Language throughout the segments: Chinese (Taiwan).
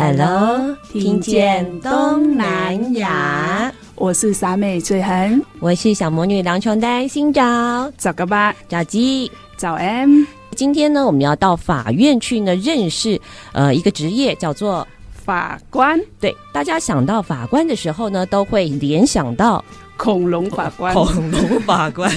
Hello，聽見東南亞，我是傻妹翠痕，我是小魔女梁瓊丹，新找早，早個吧，早雞吉早 M，安今天呢，我們要到法院去呢，認識呃一個職業叫做法官。對，大家想到法官的時候呢，都會聯想到恐龍法官，恐龍法官。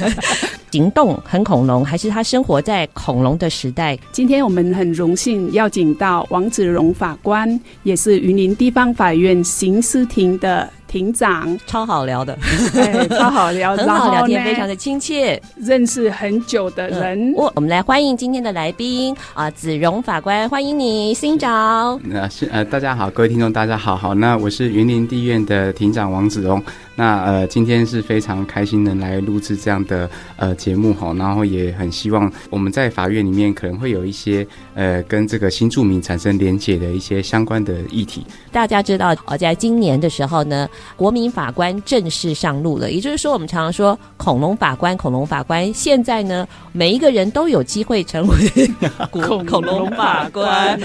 行動很恐龍，還是他生活在恐龍的時代？今天我們很榮幸邀請到王子榮法官，也是雲林地方法院刑事庭的庭長，超好聊的， 欸、超好聊，然後呢，非常的親切，認識很久的人，呃。我，我們來歡迎今天的來賓啊，呃，子榮法官，歡迎你，新長。那，呃，是呃，大家好，各位聽眾，大家好，好，那我是雲林地院的庭長王子榮。那呃，今天是非常開心能來錄製這樣的呃節目哈，然後也很希望我們在法院裡面可能會有一些呃跟這個新住民產生連結的一些相關的議題。大家知道，哦，在今年的時候呢，國民法官正式上路了，也就是說，我們常常說恐龍法官，恐龍法官，現在呢，每一個人都有機會成為恐 恐龍法官，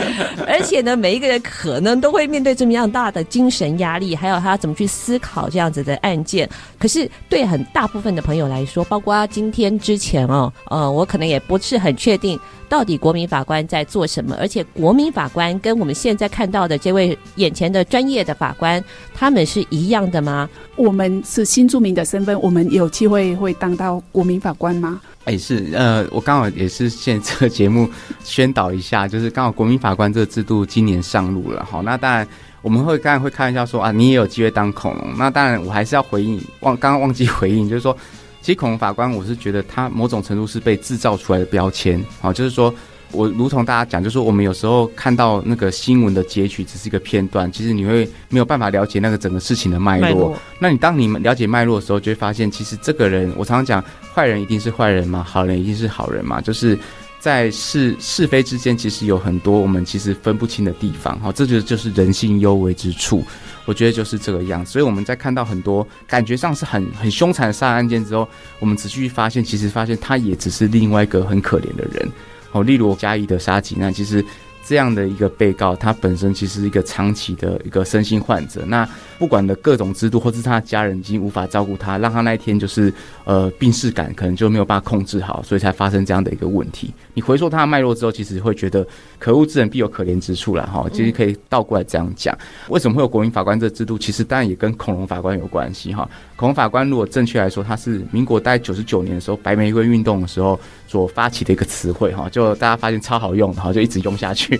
而且呢，每一個人可能都會面對這麼樣大的精神壓力，還有他怎麼去思考這樣子的。案件，可是對很大部分的朋友來說，包括今天之前哦，呃，我可能也不是很確定到底國民法官在做什麼，而且國民法官跟我們現在看到的這位眼前的專業的法官，他們是一樣的嗎？我們是新住民的身份，我們有機會會當到國民法官嗎？誒、欸、是，呃，我剛好也是，現這個節目宣導一下，就是剛好國民法官這個制度今年上路了，好，那當然我們會當然會開玩笑說啊，你也有機會當恐龍，那當然我還是要回應，忘剛剛忘記回應，就是說，其實恐龍法官我是覺得他某種程度是被制造出來的標籤，好，就是說。我如同大家講，就說、是、我們有時候看到那個新聞的截取只是一個片段，其實你會沒有辦法了解那個整個事情的脈絡。脈落那你當你們了解脈絡的時候，就會發現其實這個人，我常常講，壞人一定是壞人嘛，好人一定是好人嘛，就是在是是非之間，其實有很多我們其實分不清的地方哈、哦。這就、個、就是人性幽微之處，我覺得就是這個樣。所以我們在看到很多感覺上是很很凶殘的殺人案件之後，我們仔細去發現，其實發現他也只是另外一個很可憐的人。哦，例如嘉義的殺警，那其實這樣的一個被告，他本身其實是一個長期的一個身心患者，那不管的各種制度，或是他家人已經無法照顧他，讓他那一天就是呃病識感，可能就沒有辦法控制好，所以才發生這樣的一個問題。你回溯他的脈絡之後，其實會覺得可惡之人必有可憐之處啦哈。其實可以倒過來這樣講，為什麼會有國民法官這制度？其實當然也跟恐龍法官有關係哈。恐龍法官，如果正確來說，他是民國大概九十九年的時候，白玫瑰運動的時候所發起的一個詞彙，哈，就大家發現超好用，然後就一直用下去。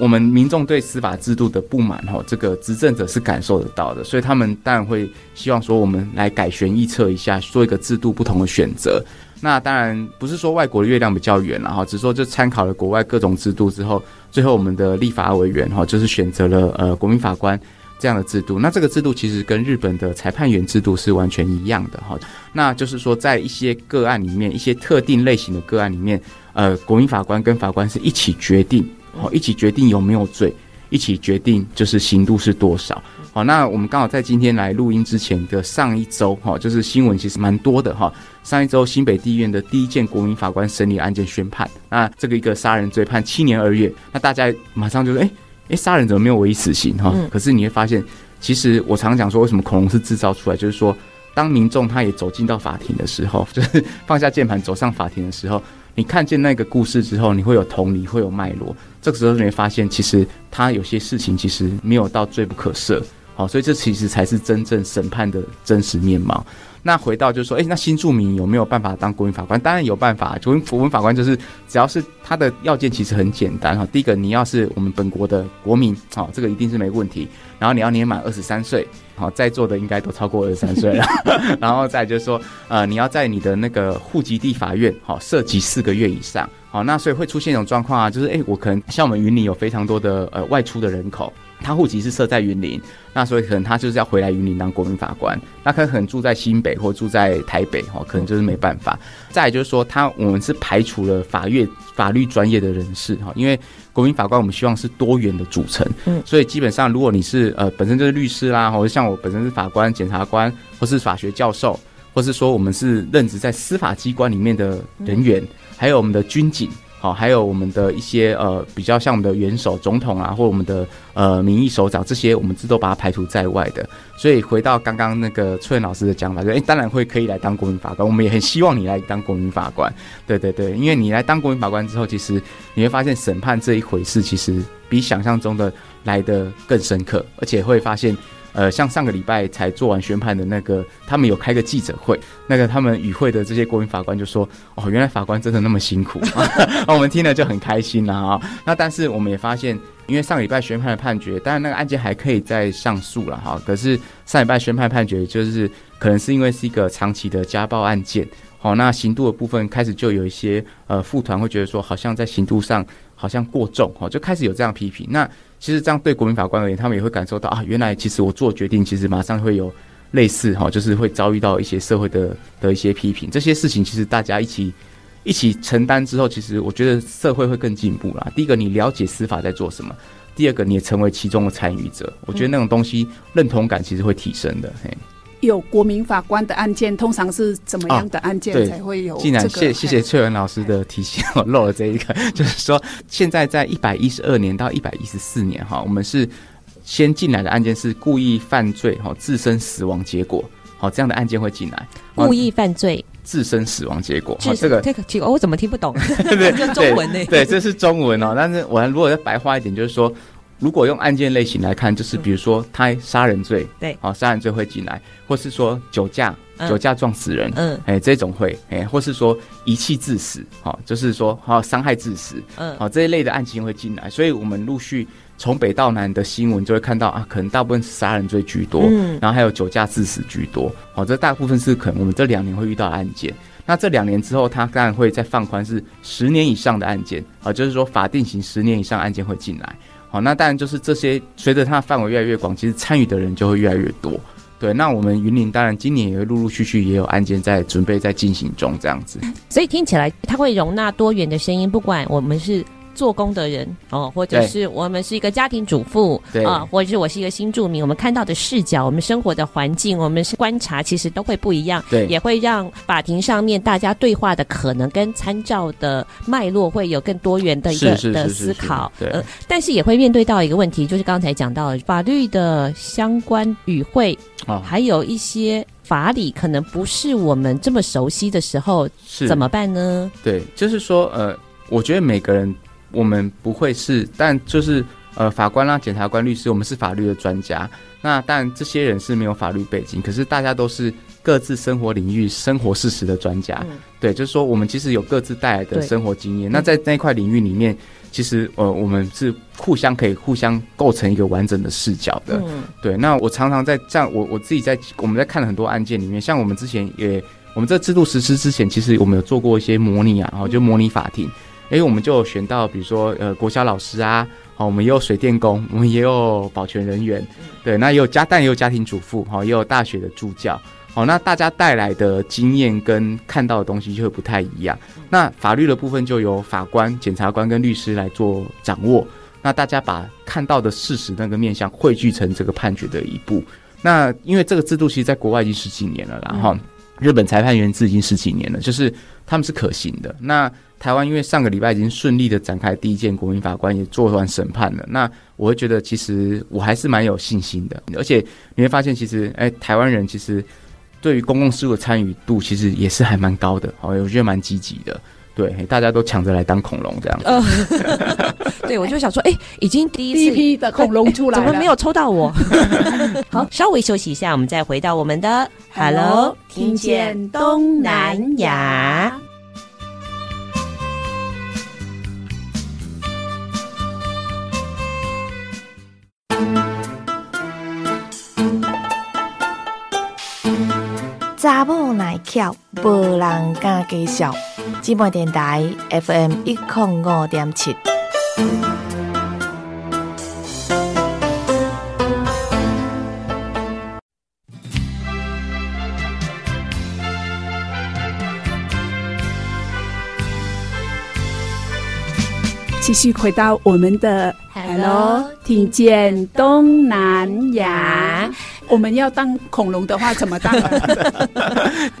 我們民眾對司法制度的不滿，哈，這個執政者是感受得到的，所以他們當然會希望說我們來改弦易轍一下，做一個制度不同的選擇。那當然不是說外國的月亮比較圓了，哈，只是說就參考了國外各種制度之後，最後我們的立法委員，哈，就是選擇了呃國民法官。這樣的制度，那這個制度其實跟日本的裁判員制度是完全一樣的哈。那就是說，在一些個案裡面，一些特定類型的個案裡面，呃，國民法官跟法官是一起決定，好，一起決定有沒有罪，一起決定就是刑度是多少。好，那我們剛好在今天來錄音之前的上一周，哈，就是新聞其實蠻多的哈。上一周新北地院的第一件國民法官審理案件宣判，那這個一個殺人罪判七年二月，那大家馬上就是哎。欸哎，殺、欸、人怎麼沒有唯一死刑哈？可是你會發現，其實我常講說，為什麼恐龍是制造出來？就是說，當民眾他也走進到法庭的時候，就是放下鍵盤走上法庭的時候，你看見那個故事之後，你會有同理，會有脈絡。這個時候你會發現，其實他有些事情其實沒有到罪不可赦。好，所以這其實才是真正審判的真實面貌。那回到就是說，哎、欸，那新住民有沒有辦法當國民法官？當然有辦法，國民法官就是只要是他的要件其實很簡單哈。第一個，你要是我們本國的國民，好、哦，這個一定是沒問題。然後你要年滿二十三歲，好、哦，在座的應該都超過二十三歲了。 然後再就是說，呃，你要在你的那個戶籍地法院，好、哦，設籍四個月以上，好、哦，那所以會出現一種狀況啊，就是哎、欸，我可能像我們雲林有非常多的呃外出的人口。他戶籍是設在雲林，那所以可能他就是要回來雲林當國民法官，那他可能住在新北或住在台北哦，可能就是沒辦法。再就是說，他我們是排除了法院法律專業的人士哈，因為國民法官我們希望是多元的組成，所以基本上如果你是呃本身就是律師啦，或者像我本身是法官、檢察官，或是法學教授，或是說我們是任職在司法機關裡面的人員，還有我們的軍警。好，還有我們的一些呃，比較像我們的元首、總統啊，或我們的呃民意首長，這些我們是都把它排除在外的。所以回到剛剛那個崔苑老師的講法，哎、欸，當然會可以來當國民法官，我們也很希望你來當國民法官。對對對，因為你來當國民法官之後，其實你會發現審判這一回事，其實比想象中的來得更深刻，而且會發現。呃，像上個禮拜才做完宣判的那個，他們有開個記者會，那個他們與會的這些國民法官就說：“哦，原來法官真的那麼辛苦啊、 哦！”我們聽了就很開心了啊、哦，那但是我們也發現，因為上個禮拜宣判的判決，當然那個案件還可以再上訴了哈、哦。可是上禮拜宣判判決，就是可能是因為是一個長期的家暴案件，好、哦，那刑度的部分開始就有一些呃婦團會覺得說，好像在刑度上好像過重，好、哦，就開始有這樣批評那。其實這樣對國民法官而言，他們也會感受到啊，原來其實我做決定，其實馬上會有類似哈，哦，就是會遭遇到一些社會的的一些批評。這些事情其實大家一起一起承擔之後，其實我覺得社會會更進步啦。第一個，你了解司法在做什麼；第二個，你也成為其中的參與者。我覺得那種東西認同感其實會提升的。嘿。有國民法官的案件，通常是怎麼樣的案件，啊、才會有，這個？竟然謝謝謝、謝翠文老師的提醒，我漏、哎哦、了這一個，就是說現在在一百一十二年到一百一十四年哈、哦，我們是先進來的案件是故意犯罪哈，自身死亡結果好，這樣的案件會進來，故意犯罪，自身死亡結果，這個這個、哦、我怎麼聽不懂？ 對對中文呢對？對、 對，這是中文哦，但是我如果再白話一點，就是說。如果用案件類型來看，就是比如說他殺人罪，對、嗯，哦、喔，殺人罪會進來，或是說酒駕，嗯、酒駕撞死人，嗯，哎、欸，這種會，哎、欸，或是說遺棄致死、喔，就是說哦，傷、喔、害致死，嗯，好、喔，這一類的案情會進來，所以我們陸續從北到南的新聞就會看到啊，可能大部分是殺人罪居多，嗯，然後還有酒駕致死居多，哦、喔，這大部分是可能我們這兩年會遇到的案件，那這兩年之後，他當然會再放寬是十年以上的案件，啊，就是說法定刑十年以上案件會進來。好，那當然就是這些。隨着它的範圍越來越廣，其實參與的人就會越來越多。對，那我們雲林當然今年也會陸陸續續也有案件在準備，在進行中這樣子。所以聽起來它會容納多元的聲音，不管我們是做工的人哦，或者是我們是一個家庭主婦，啊對，或者是我是一個新住民，我們看到的視角，我們生活的環境，我們是觀察，其實都會不一樣，對，也會讓法庭上面大家對話的可能跟參照的脈絡會有更多元的一個的思考，是是是是是是對，呃，但是也會面對到一個問題，就是剛才講到的法律的相關語彙，哦、還有一些法理可能不是我們這麼熟悉的時候，是怎麼辦呢？對，就是說，呃，我覺得每個人。我們不會是，但就是呃，法官啦、啊、檢察官、律師，我們是法律的專家。那當然，但這些人是沒有法律背景，可是大家都是各自生活領域、生活事實的專家。嗯、對，就是說，我們其實有各自帶來的生活經驗。對那在那塊領域裡面，嗯、其實呃，我們是互相可以互相構成一個完整的視角的。嗯、對。那我常常在這樣，我我自己在我們在看了很多案件裡面，像我們之前也我們在制度實施之前，其實我們有做過一些模擬啊，然後就模擬法庭。嗯嗯誒，我們就選到，比如說，呃，國小老師啊，好、哦，我們也有水電工，我們也有保全人員，對，那也有家，但也有家庭主婦，好、哦，也有大學的助教，好、哦，那大家帶來的經驗跟看到的東西就會不太一樣。那法律的部分就由法官、檢察官跟律師來做掌握。那大家把看到的事實那個面向匯聚成這個判決的一步。那因為這個制度其實在國外已經十幾年了啦，然後、嗯。日本裁判員至今已經十幾年了，就是他們是可行的。那台灣因為上個禮拜已經順利的展開第一件國民法官也做完審判了，那我會覺得其實我還是蠻有信心的，而且你會發現其實，誒、欸，台灣人其實對於公共事務的參與度其實也是還蠻高的，哦，我覺得蠻積極的。對，大家都搶着來當恐龍這樣子。呃、 對，我就想說，哎、欸，已經第一次的恐龍出來、欸、怎麼沒有抽到我？ 好，稍微休息一下，我們再回到我們的 Hello，, Hello 聽見東南亞。查某耐翹，無人敢介紹。金門電台 F M 一零五點七。繼續回到我們的 Hello，聽見東南亞。我們要當恐龍的話，怎麼當？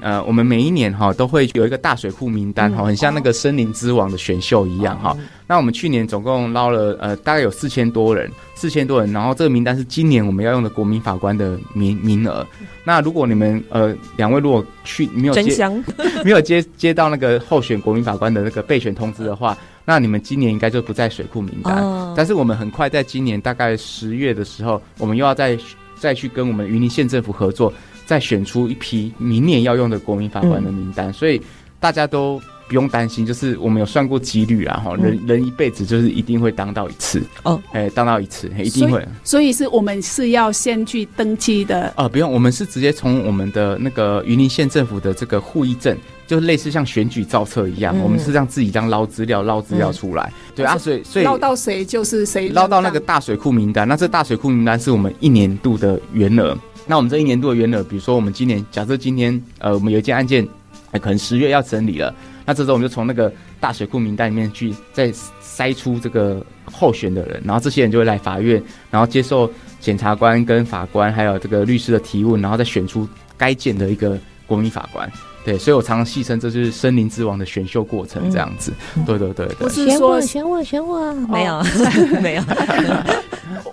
呃，我們每一年哈都會有一個大水庫名單哈，很像那個森林之王的選秀一樣哈。那我們去年總共撈了呃大概有四千多人，四千多人。然後這個名單是今年我們要用的國民法官的名名額。那如果你們呃兩位如果去沒有接真香 沒有接接到那個候選國民法官的那個備選通知的話。嗯那你們今年應該就不在水庫名單，哦、但是我們很快在今年大概十月的時候，我們又要再再去跟我們雲林縣政府合作，再選出一批明年要用的國民法官的名單，嗯、所以大家都不用擔心，就是我們有算過幾率啊，哈，人、嗯、人一輩子就是一定會當到一次，哦，哎、欸，當到一次，欸、以一定會，所以是我們是要先去登記的，哦、呃，不用，我們是直接從我們的那個雲林縣政府的這個戶役政。就是類似像選舉造冊一樣，嗯嗯，我們是這樣自己這樣撈資料、撈資料出來。嗯嗯，對啊，所以撈到誰就是誰撈到那個大水庫名單。那這大水庫名單是我們一年度的員額。那我們這一年度的員額，比如說我們今年，假設今天呃我們有一件案件，欸、可能十月要整理了，那這時候我們就從那個大水庫名單裡面去再篩出這個候選的人，然後這些人就會來法院，然後接受檢察官、跟法官還有這個律師的提問，然後再選出該件的一個國民法官。對，所以我常常戲稱這就是森林之王的選秀過程這樣子。嗯、對，對對對對。我是說選我選我選我沒有沒有。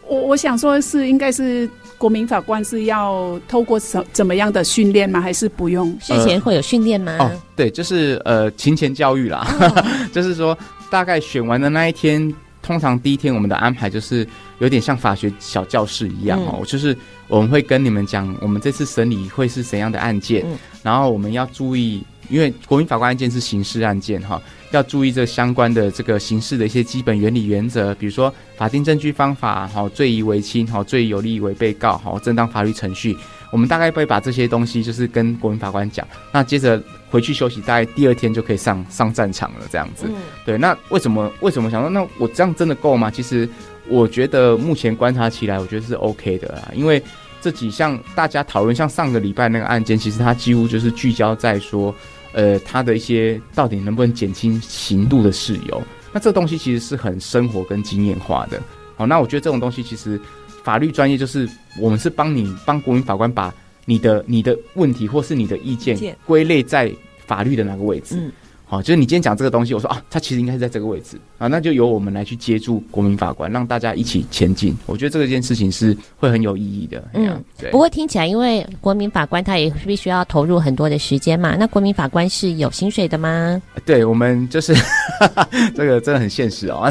我我想說，是應該是國民法官是要透過怎、怎麼樣的訓練嗎？還是不用？事前會有訓練嗎、呃？哦，對，就是呃勤前教育啦，啊、 就是說大概選完的那一天。通常第一天我們的安排就是有點像法學小教室一樣哦，嗯、就是我們會跟你們講我們這次審理會是怎樣的案件，嗯、然後我們要注意。因為國民法官案件是刑事案件哈、哦，要注意這相關的這個刑事的一些基本原理原則，比如說法定證據方法哈、哦，罪疑為輕哈，最、哦、有利為被告哈、哦，正當法律程序。我們大概會把這些東西就是跟國民法官講。那接着回去休息，大概第二天就可以上上戰場了這樣子。嗯、對，那為什麼為什麼想說那我這樣真的夠嗎？其實我覺得目前觀察起來，我覺得是 OK 的啊，因為這幾項大家討論，像上個禮拜那個案件，其實它幾乎就是聚焦在說。呃，他的一些到底能不能減輕刑度的事由，那這東西其實是很生活跟經驗化的。好，那我覺得這種東西其實，法律專業就是我們是幫你幫國民法官把你的你的問題或是你的意見歸類在法律的那個位置。好，就是你今天講這個東西，我說啊，他其實應該是在這個位置。啊，那就由我們來去接觸國民法官，讓大家一起前進。我覺得這件事情是會很有意義的。嗯，對。不過聽起來，因為國民法官他也必須要投入很多的時間嘛。那國民法官是有薪水的嗎？對我們就是呵呵這個真的很現實哦。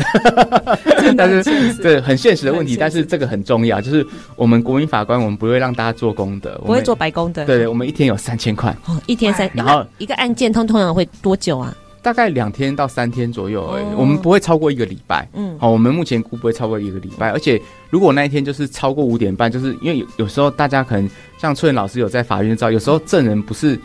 嗯、但是很對很現實的問題，但是這個很重要，就是我們國民法官，我們不會讓大家做功德，我們不會做白工的。對，我們一天有三千塊，哦，一天三千，哇然後、啊、一個案件通通常會多久啊？大概兩天到三天左右而已，哦、我們不會超過一個禮拜。嗯，好、哦，我們目前估不會超過一個禮拜。而且，如果那一天就是超過五點半，就是因為有有時候大家可能像春老師有在法院知道，有時候證人不是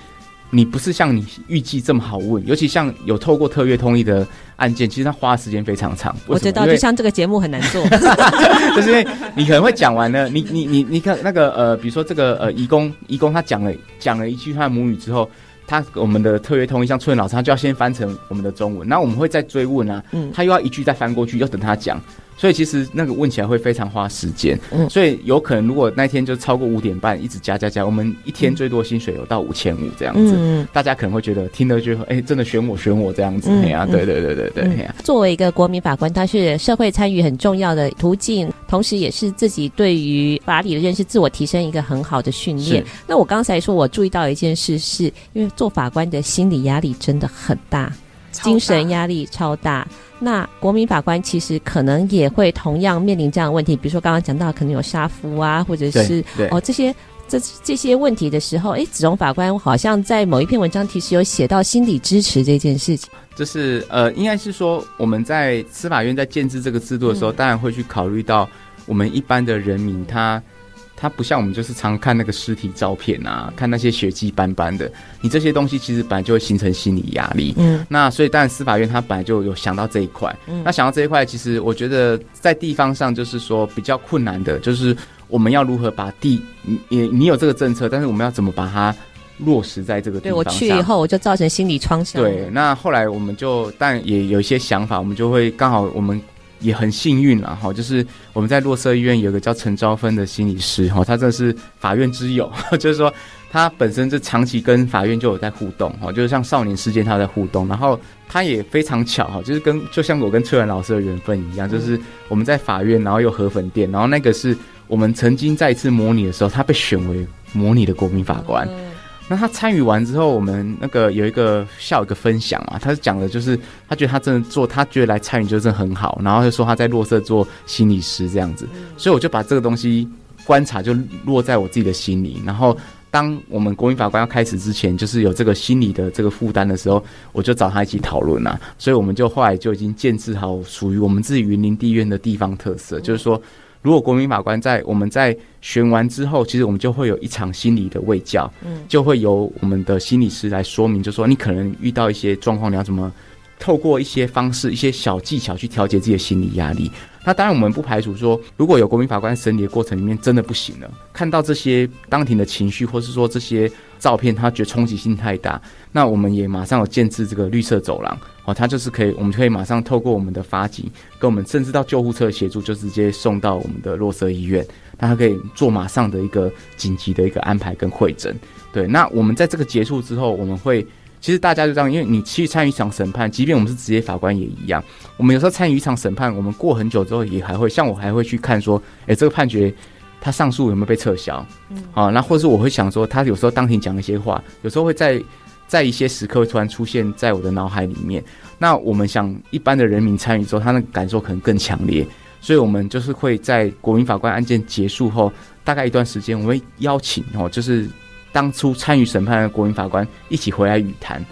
你不是像你預計這麼好問，尤其像有透過特約通譯的案件，其實他花的時間非常長。我知道，為就像這個節目很難做， 就是因為你可能會講完了，你你你你看那個呃，比如說這個呃，移工移工他講了講了一句他的母語之後。他我們的特約通譯像春老師，他就要先翻成我們的中文，那我們會再追問啊，嗯、他又要一句再翻過去，要等他講。所以其實那個問起來會非常花時間，嗯、所以有可能如果那天就超過五點半一直加加加，我們一天最多薪水有到五千五這樣子，嗯、大家可能會覺得聽得聽了就哎真的選我選我這樣子那樣、嗯啊，對對對對對,對、啊嗯嗯嗯、作為一個國民法官，他是社會參與很重要的途徑，同時也是自己對於法理的認識、自我提升一個很好的訓練。是那我剛才說我注意到一件事是，是因為做法官的心理壓力真的很大，大精神壓力超大。那國民法官其實可能也會同樣面臨這樣的問題，比如說剛剛講到可能有殺夫啊，或者是對對哦這些這這些問題的時候，哎、欸，子榮法官好像在某一篇文章其實有寫到心理支持這件事情，就是呃，應該是說我們在司法院在建制這個制度的時候，嗯、當然會去考慮到我們一般的人民他。它不像我們，就是常看那個屍體照片啊，看那些血跡斑斑的，你這些東西其實本來就會形成心理壓力。嗯。那所以，當然，司法院他本來就有想到這一塊。嗯。那想到這一塊，其實我覺得在地方上就是說比較困難的，就是我們要如何把地，你你有這個政策，但是我們要怎麼把它落實在這個地方？對我去以後，我就造成心理創傷。對。那後來我們就，但也有一些想法，我們就會剛好我們。也很幸運了哈，就是我們在若瑟醫院有個叫陳昭芬的心理師哈，他真的是法院之友，就是說他本身就長期跟法院就有在互動哈，就是像少年事件他在互動，然後他也非常巧哈，就是跟就像我跟翠蘭老師的緣分一樣，就是我們在法院，然後有河粉店，然後那個是我們曾經在一次模擬的時候，他被選為模擬的國民法官。那他參與完之後，我們那個有一個笑一個分享啊。他是講的就是他覺得他真的做，他覺得來參與就是真的很好，然後就說他在洛社做心理師這樣子，所以我就把這個東西觀察就落在我自己的心裡，然後當我們國民法官要開始之前，就是有這個心理的這個負擔的時候，我就找他一起討論吶，所以我們就後來就已經建置好屬於我們自己雲林地院的地方特色，就是說。如果國民法官在我們在選完之後，其實我們就會有一場心理的衛教，嗯、就會由我們的心理師來說明，就說你可能遇到一些狀況，你要怎麼透過一些方式、一些小技巧去調節自己的心理壓力。那當然，我們不排除說，如果有國民法官審理的過程裡面真的不行了，看到這些當庭的情緒，或是說這些照片，他覺得衝擊性太大，那我們也馬上有建置這個綠色走廊哦，它就是可以，我們就可以馬上透過我們的法警，跟我們甚至到救護車協助，就直接送到我們的洛舍醫院，那他可以做馬上的一個緊急的一個安排跟會診。對，那我們在這個結束之後，我們會。其實大家就這樣，因為你去參與一場審判，即便我們是職業法官也一樣。我們有時候參與一場審判，我們過很久之後也還會，像我還會去看說，哎，這個判決他上訴有沒有被撤銷？嗯，啊，那或者是我會想說，他有時候當庭講一些話，有時候會在在一些時刻突然出現在我的腦海裡面。那我們想，一般的人民參與之後，他那個感受可能更強烈，所以我們就是會在國民法官案件結束後，大概一段時間，我們會邀請哦，就是。當初參與審判的國民法官一起回來語談，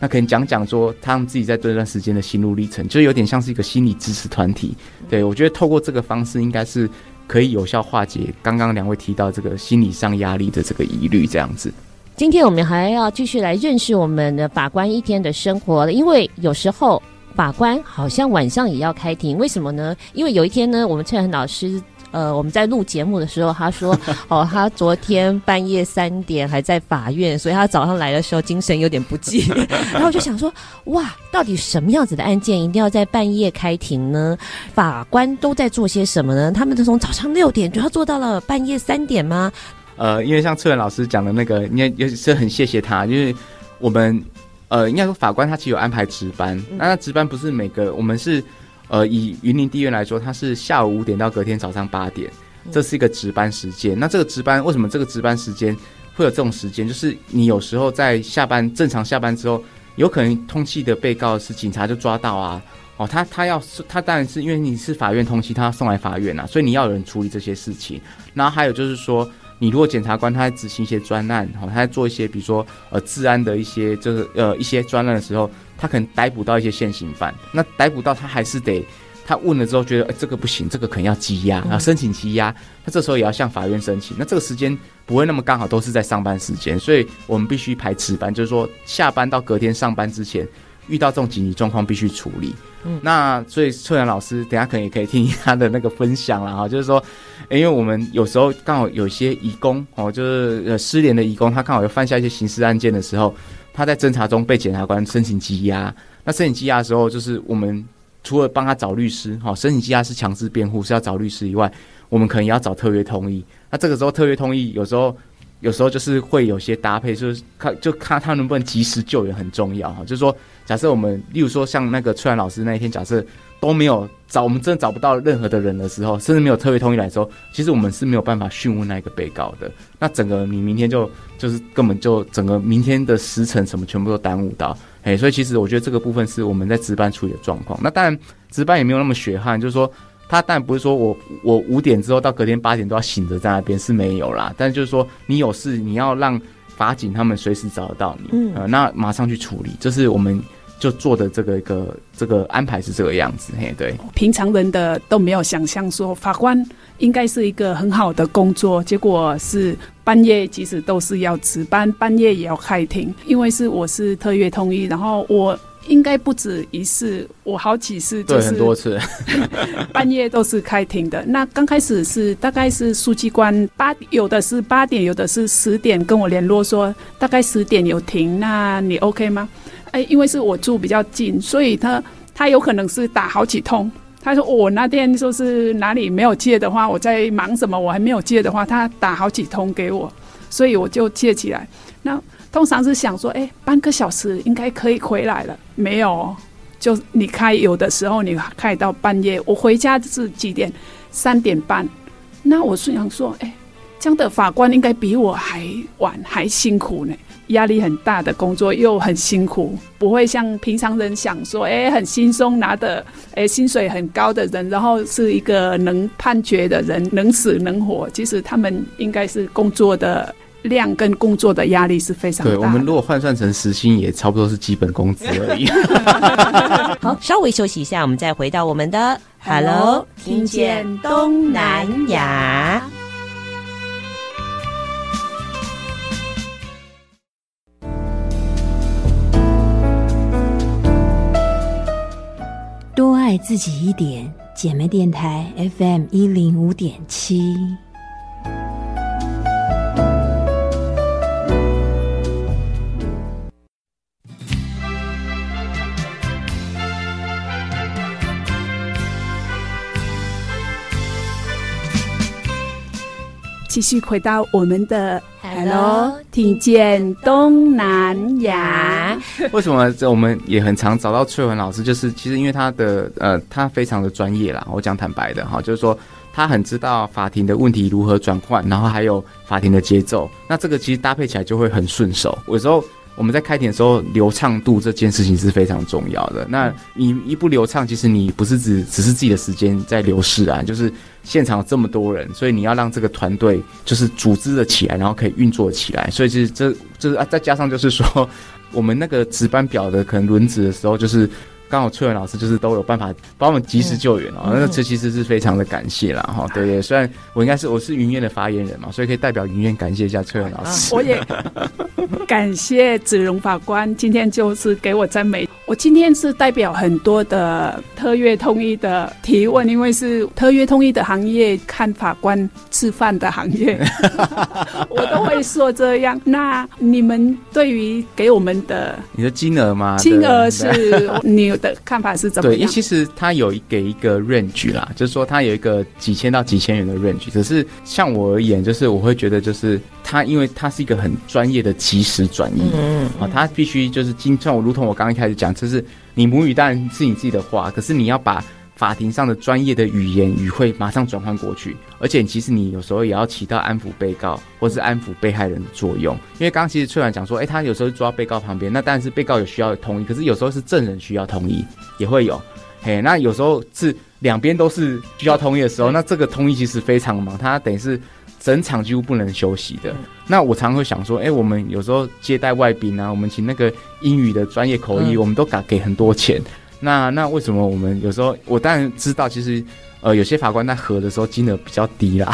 那可能講講說他們自己在這段時間的心路歷程，就有點像是一個心理支持團體。對，我覺得透過這個方式，應該是可以有效化解剛剛兩位提到這個心理上壓力的這個疑慮。這樣子，今天我們還要繼續來認識我們的法官一天的生活了。因為有時候法官好像晚上也要開庭，為什麼呢？因為有一天呢，我們翠痕老師。呃，我們在錄節目的時候，他說，哦，他昨天半夜三點還在法院， 所以他早上來的時候精神有點不濟。然後我就想說，哇，到底什麼樣子的案件一定要在半夜開庭呢？法官都在做些什麼呢？他們都從早上六點就要做到了半夜三點嗎？呃，因為像策源老師講的那個，應該也是很謝謝他，因為我們，呃，應該說法官他其實有安排值班，那、嗯、他值班不是每個，我們是。呃，以雲林地院來說，它是下午五點到隔天早上八點，這是一個值班時間。嗯、那這個值班為什麼這個值班時間會有這種時間？就是你有時候在下班，正常下班之後，有可能通緝的被告是警察就抓到啊。哦，他他要是他當然是因為你是法院通緝，他要送來法院啊，所以你要有人處理這些事情。然後還有就是說，你如果檢察官他在執行一些專案，哦，他在做一些比如說呃治安的一些這個，呃一些專案的時候。他可能逮捕到一些現行犯，那逮捕到他還是得他問了之後，覺得、欸、這個不行，這個可能要羈押啊，然後申請羈押，他這時候也要向法院申請。那這個時間不會那麼剛好，都是在上班時間，所以我們必須排值班，就是說下班到隔天上班之前，遇到這種緊急狀況必須處理。嗯，那所以翠然老師，等一下可能也可以聽他的那個分享了哈，就是說，因為我們有時候剛好有些移工哦，就是失聯的移工，他剛好又犯下一些刑事案件的時候。他在偵查中被檢察官申請羈押，那申請羈押的時候，就是我們除了幫他找律師，哈，申請羈押是強制辯護，是要找律師以外，我們可能也要找特約通譯。那這個時候特約通譯，有時候，有時候就是會有些搭配，就是看就看他能不能及時救援很重要哈。就是說，假設我們，例如說像那個翠蘭老師那一天，假設。都、哦、沒有找，我們真的找不到任何的人的時候，甚至沒有特別通譯來說，其實我們是沒有辦法訊問那個被告的。那整個你明天就就是根本就整個明天的時程什麼全部都耽誤到，哎、欸，所以其實我覺得這個部分是我們在值班處理的狀況。那當然值班也沒有那麼血汗，就是說他當然不是說我我五點之後到隔天八點都要醒着在那邊是沒有啦，但就是說你有事你要讓法警他們隨時找得到你，嗯、呃，那馬上去處理，這、就是我們。就做的這個一個這個安排是這個樣子，嘿，對，平常人的都沒有想象說法官應該是一個很好的工作，結果是半夜其實都是要值班，半夜也要開庭，因為是我是特約通譯，然後我應該不止一次，我好幾次，對，很多次， 半夜都是開庭的。那剛開始是大概是書記官八有的是八點，有的是十點跟我聯絡說，大概十點有庭，那你 OK 嗎？哎、欸，因為是我住比較近，所以他他有可能是打好幾通。他說我那天說是哪裡沒有接的話，我在忙什麼，我還沒有接的話，他打好幾通給我，所以我就接起來。那通常是想說，哎、欸，半個小時應該可以回來了。沒有，就你開有的時候你開到半夜。我回家是幾點？三點半。那我是想說，哎、欸，這樣的法官應該比我還晚，還辛苦呢。壓力很大的工作又很辛苦，不會像平常人想說，欸、很輕鬆，拿的、欸、薪水很高的人，然後是一個能判決的人，能死能活。其實他們應該是工作的量跟工作的壓力是非常大的。對，我們如果換算成時薪，也差不多是基本工資而已。 好，稍微休息一下，我們再回到我們的 Hello，聽見東南亞。愛自己一點，姐妹電臺 FM 一零五點七。繼續回到我們的。哈嘍！聽見東南亞？ 為什麼？這我們也很常找到翠雯老師，就是其實因為他的呃，他非常的專業啦。我講坦白的哈，就是說他很知道法庭的問題如何轉換，然後還有法庭的節奏。那這個其實搭配起來就會很順手，有時候。我們在開庭的時候，流暢度這件事情是非常重要的。那你一不流暢，其實你不是只只是自己的時間在流逝啊，就是現場有這麼多人，所以你要讓這個團隊就是組織了起來，然後可以運作起來。所以其實這這是啊，再加上就是說，我們那個值班表的可能輪值的時候就是。剛好翠文老師就是都有辦法幫我們及時救援哦，嗯、那這其實是非常的感謝啦，哈、嗯。對，對對，雖然我應該是我是雲院的發言人嘛，所以可以代表雲院感謝一下翠文老師，啊。 我也感謝子榮法官，今天就是給我讚美。我今天是代表很多的特約通譯的提問，因為是特約通譯的行業，看法官吃飯的行業， 我都會說這樣。那你們對於給我們的，你的金額嗎？金額是 你的看法是怎麼樣？對，因為其實他有一給一個 range 啦，就是說他有一個幾千到幾千元的 range，只是像我而言，就是我會覺得就是。他因為他是一個很專業的即時轉譯，嗯，啊，他必須就是經常如同我剛剛一開始講，就是你母語當然是你自己的話，可是你要把法庭上的專業的語言語彙馬上轉換過去，而且其實你有時候也要起到安撫被告或是安撫被害人的作用。因為剛剛其實翠蘭講說，哎，他有時候是抓被告旁邊，那但是被告有需要通譯，可是有時候是證人需要通譯也會有，嘿，那有時候是兩邊都是需要通譯的時候，那這個通譯其實非常的忙，他等於是。整場幾乎不能休息的。那我常會想說，哎、欸，我們有時候接待外賓啊，我們請那個英語的專業口譯，我們都敢給很多錢。嗯、那那為什麼我們有時候，我當然知道，其實呃有些法官在核的時候金額比較低啦。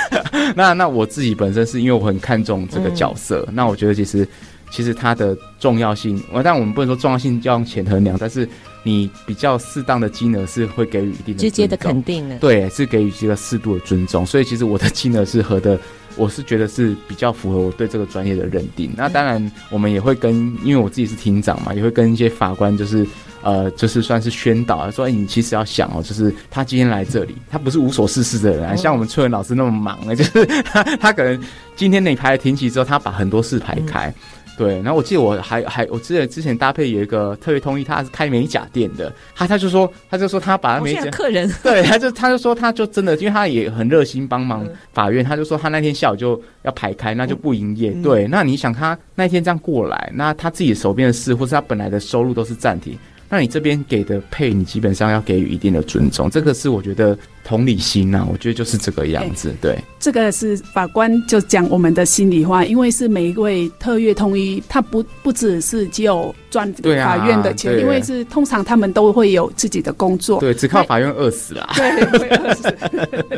那那我自己本身是因為我很看重這個角色，嗯、那我覺得其實其實它的重要性，但我們不能說重要性要用錢衡量，但是。你比較適當的金額是會給予一定的直接的肯定了，對，是給予這個適度的尊重。所以其實我的金額是合的，我是覺得是比較符合我對這個專業的認定。那當然，我們也會跟，因為我自己是庭長嘛，也會跟一些法官，就是呃，就是算是宣導，說、欸、你其實要想哦、喔，就是他今天來這裡，他不是無所事事的人、啊，嗯、像我們翠文老師那麼忙、欸，就是他他可能今天你排了庭期之後，他把很多事排開。嗯對，然後我記得我還還，我記得之前搭配有一個特別通譯，他是開美甲店的，他他就說，他就說他把他美甲客人，對，他就他就說他就真的，因為他也很熱心幫忙法院，嗯、他就說他那天下午就要排開，那就不營業。嗯、對，那你想他那天這樣過來，那他自己手邊的事或是他本來的收入都是暫停，那你這邊給的配，你基本上要給予一定的尊重，嗯、這個是我覺得。同理心吶、啊，我覺得就是這個樣子。欸、對，這個是法官就講我們的心裡話，因為是每一位特約通譯，他不不只是只有賺法院的錢，啊、因為是通常他們都會有自己的工作。對，對對只靠法院餓死了。對，會餓死，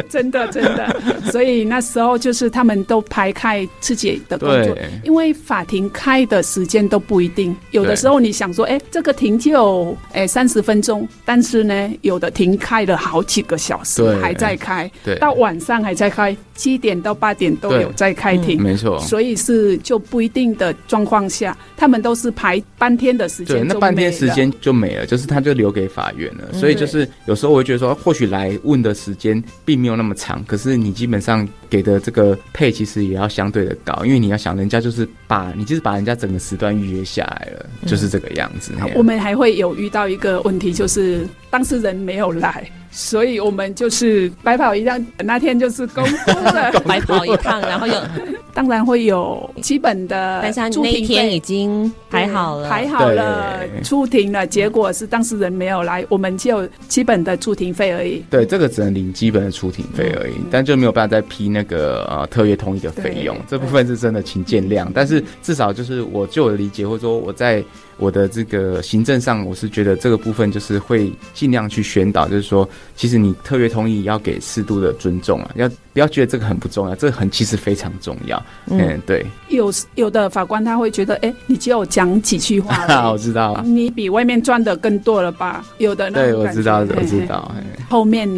真的真的。所以那時候就是他們都排開自己的工作，對因為法庭開的時間都不一定，有的時候你想說，哎、欸，這個庭就哎三十分鐘，但是呢，有的庭開了好幾個小時。還在開，對對到晚上還在開，七點到八點都有在開庭。嗯，沒錯。所以是就不一定的狀況下，他們都是排半天的時間。對，那半天時間就沒了，就是他就留給法院了。所以就是有時候我會覺得說，或許來問的時間並沒有那麼長，可是你基本上。給的這個配其實也要相對的高，因為你要想人家就是把你就是把人家整個時段預約下來了，嗯、就是這個樣子。嗯、好我們還會有遇到一個問題，就是、嗯、當事人沒有來，所以我們就是白跑一趟。 那天就是工作的白跑一趟，然後又。 當然會有基本的，但是那天已經排好了，排、嗯、好了對出庭了，結果是當事人沒有來，嗯、我們只有基本的出庭費而已。對，這個只能領基本的出庭費而已，嗯、但就沒有辦法再批那個呃特約通譯的費用，對這部分是真的，請見諒。對但是至少就是我就我的理解，或者說我在。我的這個行政上，我是覺得這個部分就是會盡量去宣導，就是說，其實你特約通譯，要給適度的尊重啊，要不要覺得這個很不重要？這個很其實非常重要。嗯，嗯，對。有有的法官他會覺得，哎、欸，你只有講幾句話、啊，我知道、啊。你比外面賺的更多了吧？有的。對，我知道，欸、我知道。欸、後面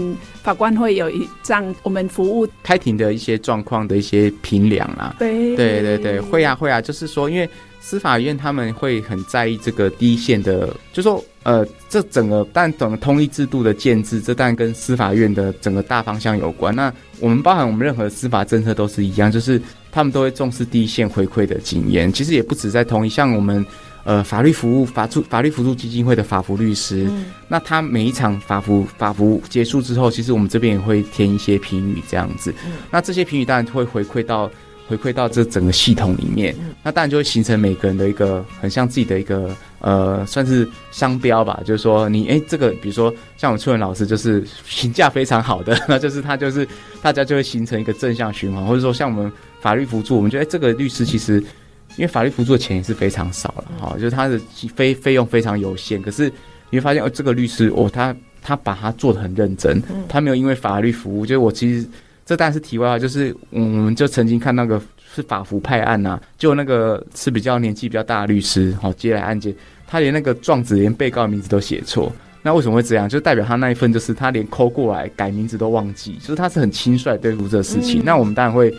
法官會有一張我們服務開庭的一些狀況的一些評量啊，對，對對對，會啊會啊，就是說，因為。司法院他們會很在意這個第一線的，就是說，呃，這整個但整個通譯制度的建制，這當然跟司法院的整個大方向有關。那我們包含我們任何司法政策都是一樣，就是他們都會重視第一線回饋的經驗。其實也不止在通譯，像我們呃法律扶助法扶法律扶助基金會的法扶律師，嗯、那他每一場法扶法扶服務結束之後，其實我們這邊也會填一些評語這樣子。嗯、那這些評語當然會回饋到。回饋到這整個系統裡面，那當然就會形成每個人的一個很像自己的一個呃，算是商標吧。就是說你，你哎，這個比如說像我們翠文老師，就是評價非常好的，那就是他就是大家就會形成一個正向循環。或者說像我們法律輔助，我們覺得這個律師其實因為法律輔助的錢也是非常少了哈，就是他的非費用非常有限，可是你會發現哦，這個律師哦，他他把他做的很認真，他沒有因為法律服務，就是我其實。這當然是題外話，就是我們就曾經看那個是法扶派案吶、啊，就那個是比較年紀比較大的律師，好、哦、接來案件，他連那個狀子連被告的名字都寫錯，那為什麼會這樣？就代表他那一份就是他連摳過來改名字都忘記，就是他是很輕率對付這事情。嗯、那我們當然會，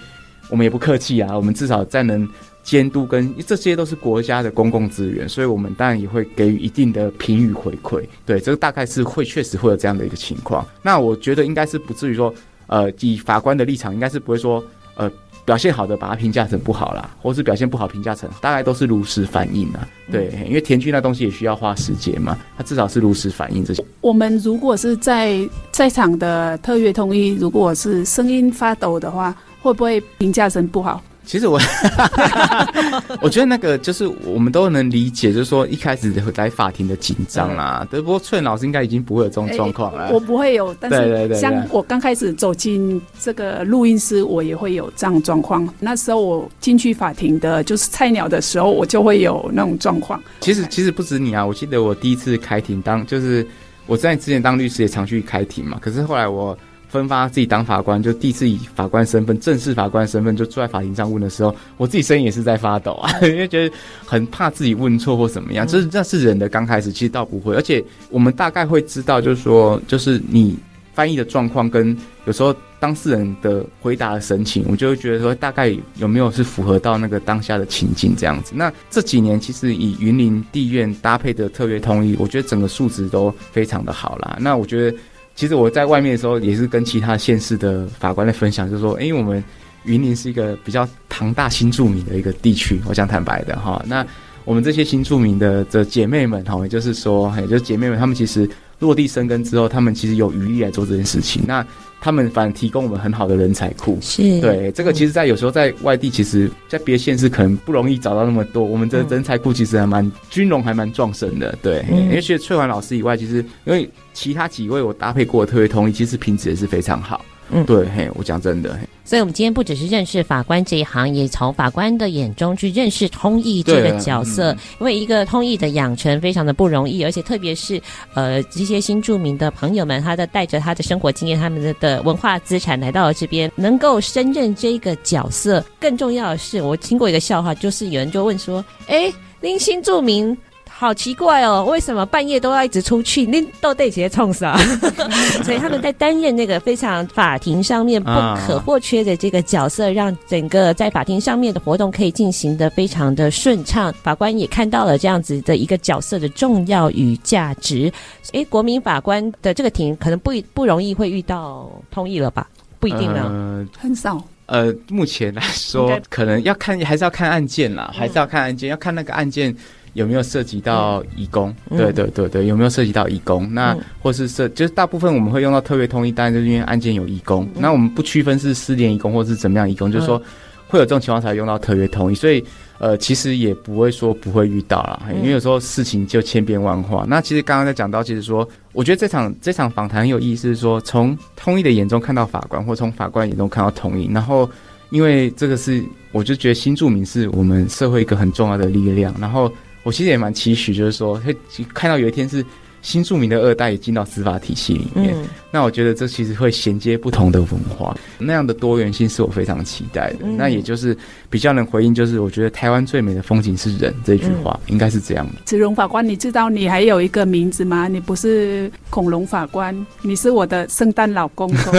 我們也不客氣啊，我們至少在能監督跟因為這些都是國家的公共資源，所以我們當然也會給予一定的評語回饋。對，這個大概是會確實會有這樣的一個情況。那我覺得應該是不至於說。呃，以法官的立場，應該是不會說，呃，表現好的把它評價成不好啦，或是表現不好評價成，大概都是如實反映的，啊。對，嗯、因為填具那東西也需要花時間嘛，他至少是如實反映這些。我們如果是在在場的特約通譯，如果是聲音發抖的話，會不會評價成不好？其實我， 我覺得那個就是我們都能理解，就是說一開始來法庭的緊張啦。不過翠老師應該已經不會有這種狀況了、欸。我不會有，但是對對對對，像我剛開始走進這個錄音室，我也會有這樣狀況。那時候我進去法庭的，就是菜鳥的時候，我就會有那種狀況。其實其實不止你啊，我記得我第一次開庭當，當就是我在之前當律師也常去開庭嘛，可是後來我。分發自己當法官，就第一次以法官身份，正式法官身份，就坐在法庭上問的時候，我自己聲音也是在發抖啊，因為覺得很怕自己問錯或怎麼樣，這、就是那是人的剛開始，其實倒不會，而且我們大概會知道，就是說，就是你翻譯的狀況跟有時候當事人的回答的神情，我就會覺得說，大概有沒有是符合到那個當下的情境這樣子。那這幾年其實以雲林地院搭配的特約通譯，我覺得整個數值都非常的好啦。那我覺得。其實我在外面的時候，也是跟其他縣市的法官的分享，就是說，誒，我們雲林是一個比較龐大新住民的一個地區，我想坦白的哈，那我們這些新住民的的姐妹們哈，也就是說，也就是姐妹們，她們其實落地生根之後，她們其實有餘力來做這件事情。那。他們反而提供我們很好的人才庫，是對這個。其實，在有時候在外地，其實在別的縣市可能不容易找到那麼多。我們這人才庫其實還蠻軍容、嗯、還蠻壯盛的，對。嗯、因為除了翠環老師以外，其實，就是，因為其他幾位我搭配過的特別通譯，其實品質也是非常好。嗯，對，嘿，我講真的，嘿，所以我們今天不只是認識法官這一行，也從法官的眼中去認識通譯這個角色。對。嗯、因為一個通譯的養成非常的不容易，而且特別是呃這些新住民的朋友們，他的帶着他的生活經驗，他們的，的文化資產來到了這邊，能夠勝任這個角色。更重要的是，我聽過一個笑話，就是有人就問說：“誒，您新住民。”好奇怪哦，為什麼半夜都要一直出去？你都得直接衝上。 所以他們在擔任那個非常法庭上面不可或缺的這個角色，啊、讓整個在法庭上面的活動可以進行得非常的順暢。法官也看到了這樣子的一個角色的重要與價值。哎、欸，國民法官的這個庭可能不不容易會遇到通譯了吧？不一定呢，呃、很少。呃，目前來說，該可能要看，還是要看案件啦，還是要看案件，嗯、要看那個案件。有沒有涉及到移工？對、嗯、對對對，有沒有涉及到移工？嗯、那、嗯、或是涉，就是大部分我們會用到特別通譯，當然就是因為案件有移工。嗯、那我們不區分是失聯移工或是怎麼樣移工，嗯、就是說會有這種情況才會用到特別通譯。嗯、所以呃，其實也不會說不會遇到啦，嗯、因為有時候事情就千變萬化。嗯、那其實剛剛在講到，其實說我覺得這場這場訪談很有意思，是說從通譯的眼中看到法官，或從法官的眼中看到通譯，然後因為這個是，我就覺得新住民是我們社會一個很重要的力量。然後我其實也蠻期許，就是說會看到有一天是，新住民的二代也進到司法體系裡面，嗯、那我覺得這其實會銜接不同的文化，那樣的多元性是我非常期待的。嗯、那也就是比較能回應，就是我覺得台灣最美的風景是人這句話，嗯、應該是這樣的。子榮法官，你知道你還有一個名字嗎？你不是恐龍法官，你是我的聖誕老公公。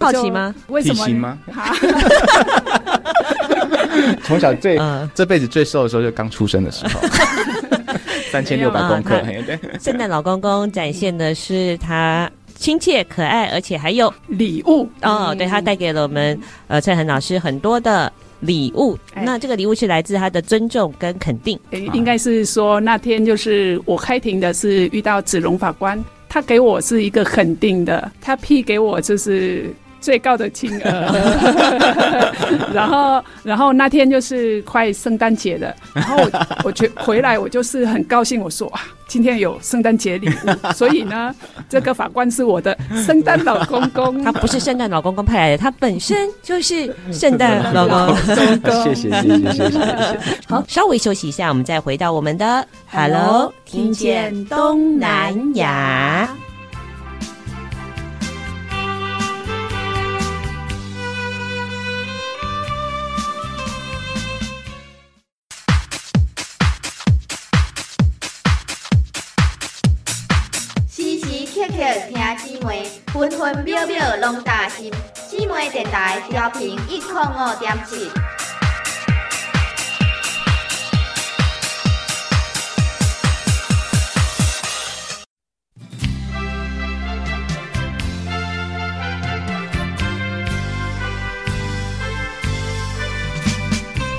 好奇嗎？為什麼？好奇嗎？蛤 從小最，這輩子最瘦的時候就剛出生的時候，三千六百公克。聖誕老公公展現的是他親切可愛，而且還有禮物哦。對，他帶給了我們呃蔡恆老師很多的禮物。那這個禮物是來自他的尊重跟肯定。哎，應該是說那天就是我開庭的是遇到子榮法官，他給我是一個肯定的，他批給我就是，最高的金額，然後，然後那天就是快聖誕節了，然後我，我回來我就是很高興，我說、啊、今天有聖誕節禮物，所以呢，這個法官是我的聖誕老公公。 他不是聖誕老公公派來的，他本身就是聖誕老公公。 嗯、 謝謝謝謝謝謝。好，稍微休息一下，我們再回到我們的 Hello, Hello 聽見東南亞。分秒秒攏擔心，姊妹電台調頻一零五點七。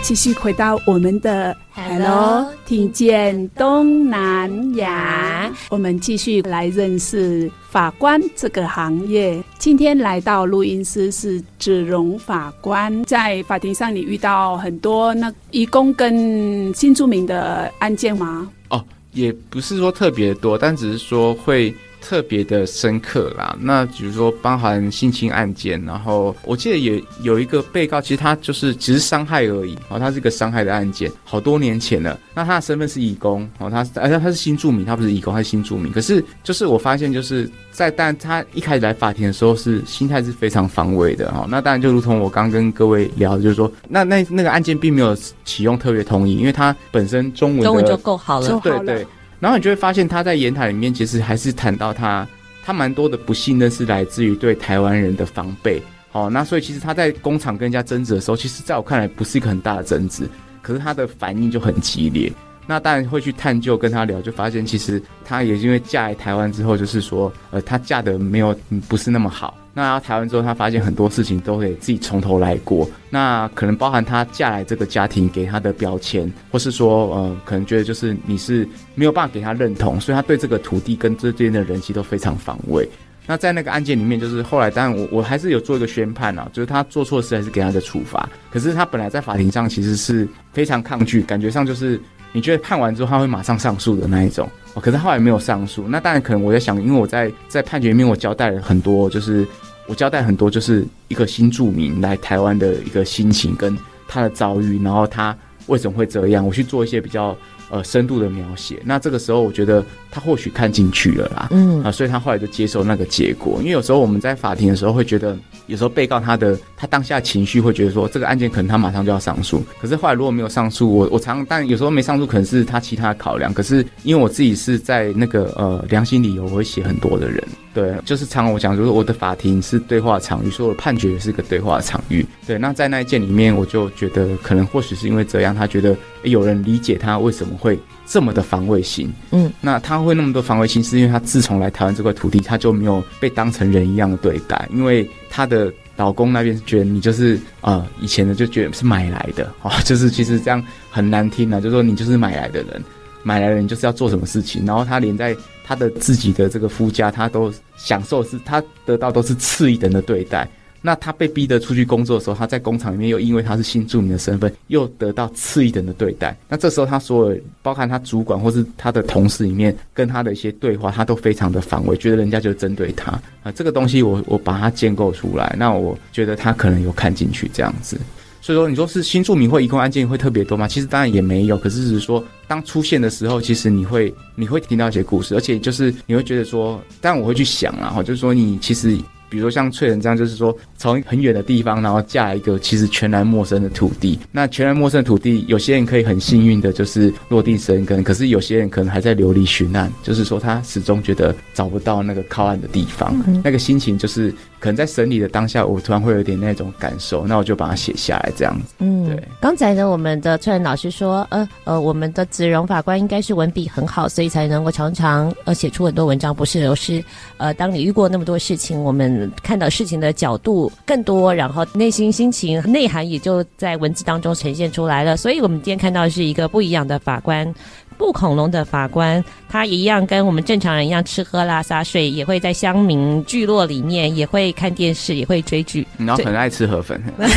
繼續回到我們的 Hello，聽見東南亞，我們繼續來認識法官這個行業。今天來到錄音室是子榮法官，在法庭上你遇到很多那移工跟新住民的案件嗎？哦，也不是說特別多，但只是說會。特別的深刻啦。那比如說，包含性侵案件，然後我記得也有一個被告，其實他就是只是傷害而已啊、哦，他是一個傷害的案件，好多年前了。那他的身份是移工哦，他且、哎、他是新住民，他不是移工，他是新住民。可是就是我發現，就是在但他一開始來法庭的時候是，是心態是非常防衛的、哦、那當然就如同我剛跟各位聊，的，就是說，那那那個案件並沒有啟用特別通譯，因為他本身中文中文就夠好了，對，對對。然後你就會發現，他在言談裡面其實還是談到他，他蠻多的不信任是來自於對台灣人的防備。好、哦，那所以其實他在工廠跟人家爭執的時候，其實在我看來不是一個很大的爭執，可是他的反應就很激烈。那當然會去探究，跟他聊，就發現其實他也因為嫁來台灣之後，就是說，呃，他嫁得沒有不是那麼好。那到台灣之後，他發現很多事情都得自己從頭來過。那可能包含他嫁來這個家庭給他的標籤，或是說，呃，可能覺得就是你是沒有辦法給他認同，所以他對這個土地跟這邊的人氣都非常防衛。那在那個案件裡面，就是後來當然我我還是有做一個宣判啊，就是他做錯事還是給他的處罰。可是他本來在法庭上其實是非常抗拒，感覺上就是。你覺得判完之後他會馬上上訴的那一種，哦，可是後來沒有上訴。那當然可能我在想，因為我在在判決裡面我交代了很多，就是我交代了很多就是一個新住民來台灣的一個心情跟他的遭遇，然後他為什麼會這樣，我去做一些比較。呃，深度的描寫，那這個時候我覺得他或許看進去了啦，嗯，啊，所以他後來就接受那個結果。因為有時候我們在法庭的時候，會覺得有時候被告他的他當下情緒會覺得說，這個案件可能他馬上就要上訴，可是後來如果沒有上訴，我我常但有時候沒上訴，可能是他其他的考量。可是因為我自己是在那個呃良心理由，我會寫很多的人。對，就是常常我講，就是我的法庭是對話場域，所以我的判決也是個對話場域。對，那在那一件裡面，我就覺得可能或許是因為這樣，他覺得有人理解他為什麼會這麼的防衛心。嗯，那他會那麼多防衛心，是因為他自從來台灣這塊土地，他就沒有被當成人一樣的對待，因為他的老公那邊是覺得你就是啊、呃，以前的就覺得是買來的啊、哦，就是其實這樣很難聽了就是、說你就是買來的人，買來的人就是要做什麼事情，然後他連在。他的自己的這個夫家，他都享受的是，他得到都是次一等的對待。那他被逼得出去工作的時候，他在工廠裡面又因為他是新住民的身份，又得到次一等的對待。那這時候他所有，包括他主管或是他的同事裡面，跟他的一些對話，他都非常的反胃，覺得人家就針對他啊。這個東西我我把它建構出來，那我覺得他可能有看進去這樣子。所以說，你說是新住民或移工案件會特別多嗎？其實當然也沒有，可是只是說當出現的時候，其實你會你會聽到一些故事，而且就是你會覺得說，當然我會去想啦。哈，就是說你其實，比如說像翠人這樣，就是說從很遠的地方，然後嫁一個其實全然陌生的土地。那全然陌生的土地，有些人可以很幸運的就是落地生根，可是有些人可能還在流離尋難，就是說他始終覺得找不到那個靠岸的地方，那個心情就是。可能在審理的當下，我突然會有點那種感受，那我就把它寫下來這樣子。嗯，對。剛才呢，我們的翠然老師說，呃呃，我們的子榮法官應該是文筆很好，所以才能夠常常呃寫出很多文章不，不是？流失，呃，當你遇過那麼多事情，我們看到事情的角度更多，然後內心心情內涵也就在文字當中呈現出來了。所以我們今天看到的是一個不一樣的法官。不恐龍的法官，他一樣跟我們正常人一樣吃喝拉撒睡，也會在鄉民聚落裡面，也會看電視，也會追劇，然後很愛吃河粉。對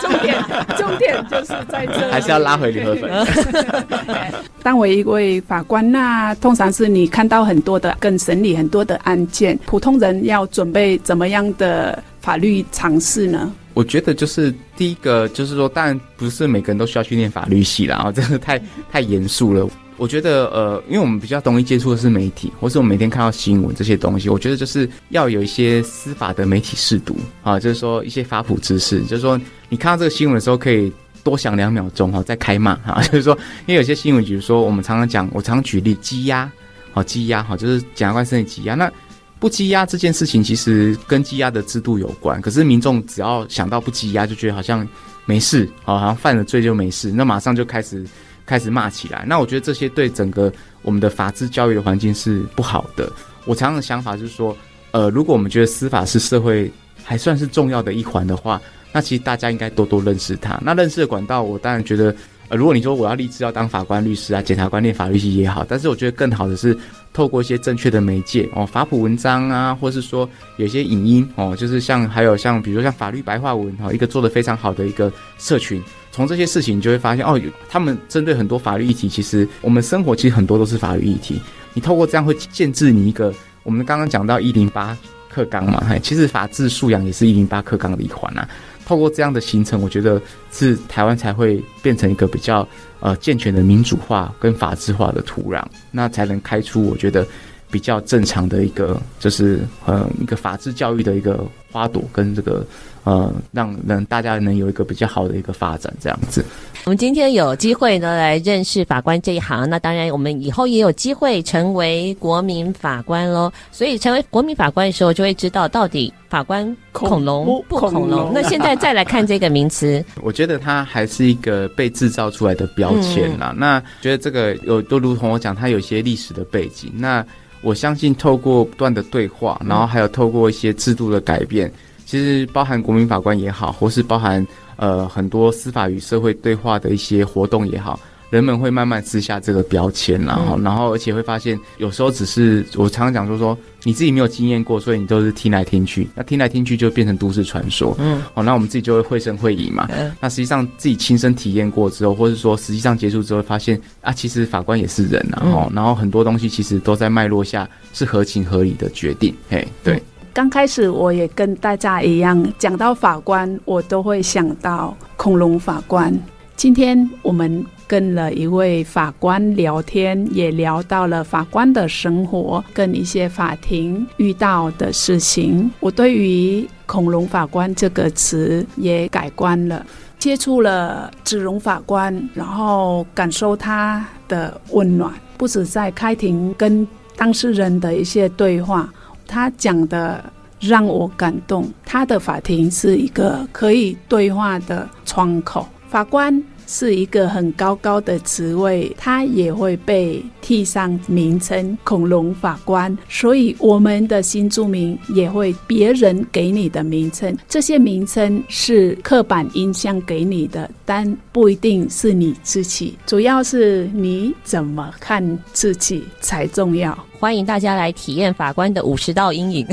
重點，重點就是在這，還是要拉回你河粉。對 當為一位法官，啊，那通常是你看到很多的，更審理很多的案件，普通人要準備怎麼樣的？法律常識呢？我覺得就是第一個，就是說，當然不是每個人都需要去念法律系啦啊、哦，真的太太嚴肅了。 我覺得呃，因為我們比較容易接觸的是媒體，或是我們每天看到新聞這些東西，我覺得就是要有一些司法的媒體識讀啊，就是說一些法普知識，就是說你看到這個新聞的時候，可以多想兩秒鐘哈、哦，再開罵哈、啊，就是說，因為有些新聞，比如說我們常常講，我常，常舉例羈押好，羈押好就是檢察官身體羈押那。不羈押這件事情，其實跟羈押的制度有關。可是民眾只要想到不羈押，就覺得好像沒事，好像犯了罪就沒事，那馬上就開始開始罵起來。那我覺得這些對整個我們的法治教育的環境是不好的。我常常的想法就是說，呃，如果我們覺得司法是社會還算是重要的一環的話，那其實大家應該多多認識它。那認識的管道，我當然覺得。呃、如果你說我要立志要當法官、律師啊，檢察官念法律系也好，但是我覺得更好的是透過一些正確的媒介哦，法普文章啊，或是說有一些影音哦，就是像還有像比如說像法律白話文哦，一個做得非常好的一個社群，從這些事情你就會發現哦，他們針對很多法律議題，其實我們生活其實很多都是法律議題，你透過這樣會建制你一個，我們剛剛講到一零八課綱嘛，其實法治素養也是一零八課綱的一環啊。透過這樣的行程，我覺得是台灣才會變成一個比較呃健全的民主化跟法治化的土壤，那才能開出我覺得比較正常的一個就是嗯、呃、一個法治教育的一個花朵跟這個。呃，讓人大家能有一個比較好的一個發展，這樣子。我們今天有機會呢來認識法官這一行，那當然我們以後也有機會成為國民法官嘍。所以成為國民法官的時候，就會知道到底法官恐龍不恐龍。那現在再來看這個名詞， 我覺得它還是一個被制造出來的標籤啦。嗯、那覺得這個有都如同我講，它有些歷史的背景。那我相信透過不斷的對話，然後還有透過一些制度的改變。其實包含國民法官也好，或是包含呃很多司法與社會對話的一些活動也好，人們會慢慢撕下這個標籤，然後、嗯、然後而且會發現有時候只是我常常講說，說你自己沒有經驗過，所以你都是聽來聽去，那聽來聽去就變成都市傳說。嗯，好，哦，那我們自己就會繪聲繪影嘛。那實際上自己親身體驗過之後，或者說實際上結束之後發現啊，其實法官也是人，啊，然後、嗯、然後很多東西其實都在脈絡下是合情合理的決定。嗯、嘿對。剛開始我也跟大家一樣，講到法官，我都會想到恐龍法官。今天我們跟了一位法官聊天，也聊到了法官的生活，跟一些法庭遇到的事情。我對於“恐龍法官”這個詞也改觀了，接觸了子榮法官，然後感受他的溫暖，不止在開庭跟當事人的一些對話。他講的讓我感動。他的法庭是一個可以對話的窗口。法官是一個很高高的職位，他也會被貼上名稱“恐龍法官”。所以，我們的新住民也會別人給你的名稱。這些名稱是刻板印象給你的，但不一定是你自己。主要是你怎麼看自己才重要。歡迎大家來體驗法官的五十道陰影。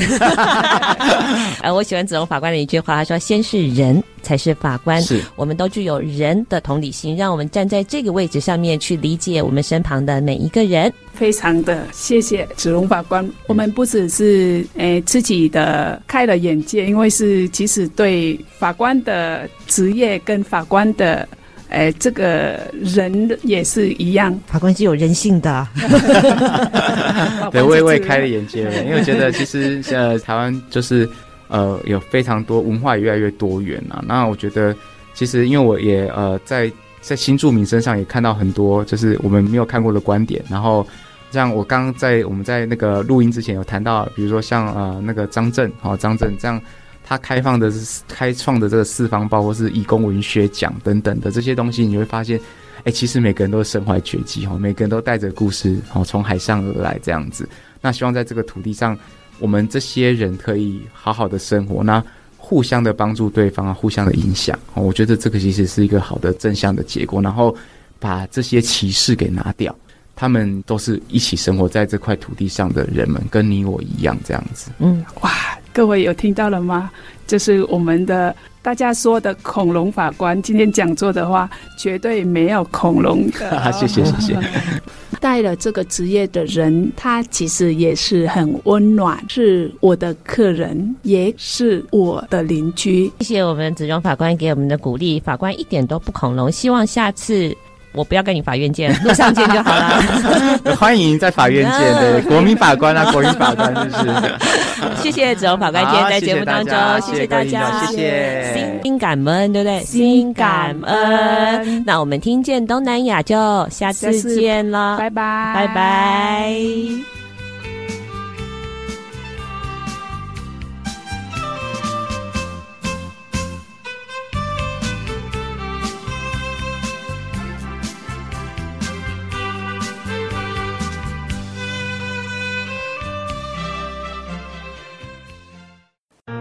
我喜歡子榮法官的一句話，他說：“先是人才是法官，是我們都具有人的同理心，讓我們站在這個位置上面去理解我們身旁的每一個人。”非常的謝謝子榮法官，嗯、我們不只是誒、呃、自己的開了眼界，因為是即使對法官的職業跟法官的。哎，這個人也是一樣，法官是有人性的。 對，我也我也開了眼界了，因為我覺得其實呃台灣就是呃有非常多文化也越來越多元啊。那我覺得其實因為我也呃在在新住民身上也看到很多就是我們沒有看過的觀點。然後像我剛在我們在那個錄音之前有談到，比如說像呃那個張正啊、哦，張正這樣。他開放的是開創的這個四方，包括是移工文學獎等等的這些東西，你會發現，哎，其實每個人都身懷絕技哦，每個人都帶着故事哦，從海上而來這樣子。那希望在這個土地上，我們這些人可以好好的生活，那互相的幫助對方，啊，互相的影響。我覺得這個其實是一個好的正向的結果，然後把這些歧視給拿掉。他們都是一起生活在這塊土地上的人們，跟你我一樣這樣子。嗯，哇。各位有聽到了嗎？就是我們的大家說的恐龍法官，今天講座的話，絕對沒有恐龍。謝謝謝謝。帶了這個職業的人，他其實也是很溫暖，是我的客人，也是我的鄰居。謝謝我們子榮法官給我們的鼓勵，法官一點都不恐龍。希望下次。我不要跟你法院見了，路上見就好了。 歡迎在法院見的 國民法官啊， 國民法官就是，是。 謝謝子榮法官今天在節目當中，謝謝大家，謝謝，大家謝謝。心謝感恩對不對？心感恩。感恩，那我們聽見東南亞就下次見了，次拜拜，拜拜。